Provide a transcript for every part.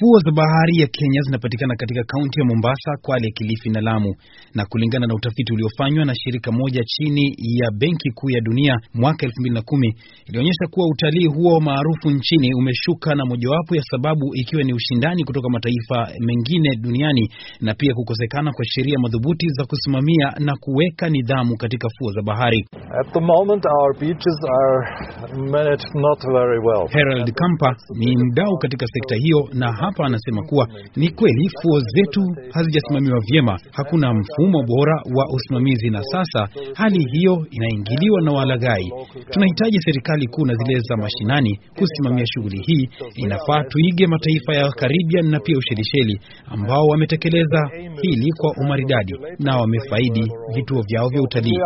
Fuo za bahari ya Kenya zinapatikana katika kaunti ya Mombasa, Kwale, Kilifi na Lamu. Na kulingana na utafiti uliofanywa na shirika moja chini ya Benki Kuu ya Dunia mwaka 2010 ilionyesha kuwa utalii huo maarufu nchini umeshuka, na mojawapo ya sababu ikiwa ni ushindani kutoka mataifa mengine duniani na pia kukosekana kwa sheria madhubuti za kusimamia na kuweka nidhamu katika fuo za bahari. At the moment our beaches are managed not very well. Harold Kampa ni mdau katika sekta hiyo na hapa anasema kuwa ni kweli fuo zetu hazijasimamiwa vyema, hakuna mfumo bora wa usimamizi, na sasa hali hiyo inaingiliwa na walagai. Tunahitaji serikali kuu na zile za mashinani kusimamia shughuli hii. Inafaa tuige mataifa ya karibian na pia Ushelisheli ambao wametekeleza hili kwa umaridadi na wamefaidi vituo vyao vya utalii.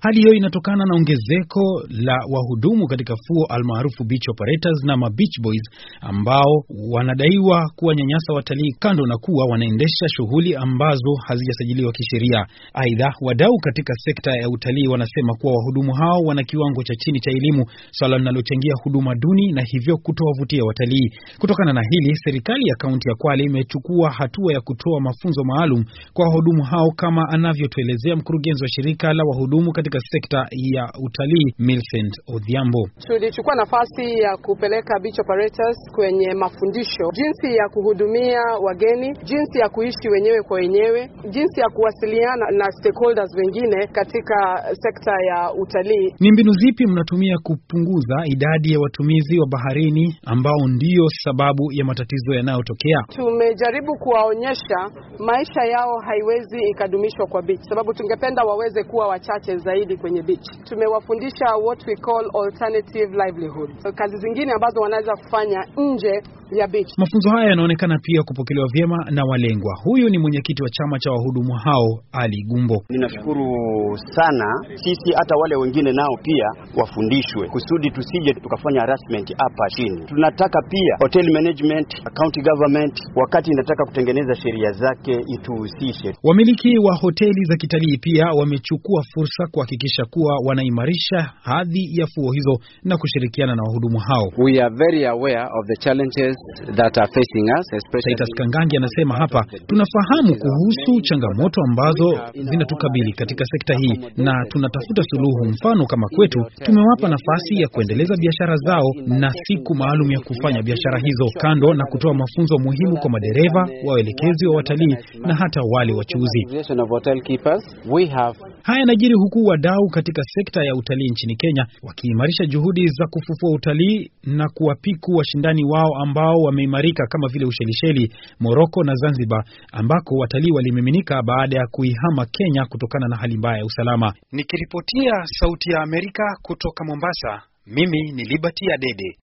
Hali hiyo inatokana na ongezeko la wahudumu katika fuo almaarufu beach operators na mabeach boys ambao wanadaiwa kuwa nyanyasa watalii, kando na kuwa wanaendesha shughuli ambazo hazijasajiliwa kisheria. Aidha, wadau katika sekta ya utalii wanasema kuwa wahudumu hao wana kiwango cha chini cha elimu, swala linalochangia huduma duni na hivyo kutowavutia watalii. Kutokana na hili, serikali ya kaunti ya Kwale imechukua hatua ya kutoa mafunzo maalum kwa wahudumu hao, kama anavyotuelezea mkurugenzi wa shirika la wahudumu katika sekta ya utalii Milcent Odhiambo. Tulichukua nafasi ya kupeleka beach operators kwenye mafundisho jinsi ya kuhudumia wageni, jinsi ya kuishi wenyewe kwa wenyewe, jinsi ya kuwasiliana na stakeholders wengine katika sekta ya utalii. Ni mbinu zipi mnatumia kupunguza idadi ya watumizi wa baharini ambao ndiyo sababu ya matatizo yanayotokea? Tumejaribu kuwaonyesha maisha yao haiwezi ikadumishwa kwa beach, sababu tungependa waweze kuwa wachache zaidi kwenye beach. Tumewafundisha what we call alternative livelihood, kazi zingine ambazo wanaweza kufanya nje ya beti. Mafunzo haya yanaonekana pia kupokelewa vyema na walengwa. Huyu ni mwenyekiti wa chama cha wahudumu hao Ali Gumbo. Ninashukuru sana sisi, hata wale wengine nao pia wafundishwe kusudi tusije tukafanya harassment hapa chini. Tunataka pia hotel management, county government wakati inataka kutengeneza sheria zake ituhusishe. Wamiliki wa hoteli za kitalii pia wamechukua fursa kuhakikisha kuwa wanaimarisha hadhi ya fuo hizo na kushirikiana na wahudumu hao. We are very aware of the challenges that are facing us especially... Titus Kangangi anasema hapa, tunafahamu kuhusu changamoto ambazo zinatukabili katika sekta hii na tunatafuta suluhu. Mfano kama kwetu tumewapa nafasi ya kuendeleza biashara zao na siku maalum ya kufanya biashara hizo, kando na kutoa mafunzo muhimu kwa madereva, waelekezi wa watalii na hata wale wachuuzi. Haya yanajiri huku wadau katika sekta ya utalii nchini Kenya wakiimarisha juhudi za kufufua utalii na kuwapiku washindani wao ambao wameimarika kama vile Ushelisheli, Moroko na Zanzibar, ambako watalii walimiminika baada ya kuihama Kenya kutokana na hali mbaya ya usalama. Nikiripotia Sauti ya Amerika kutoka Mombasa, mimi ni Liberty Adede.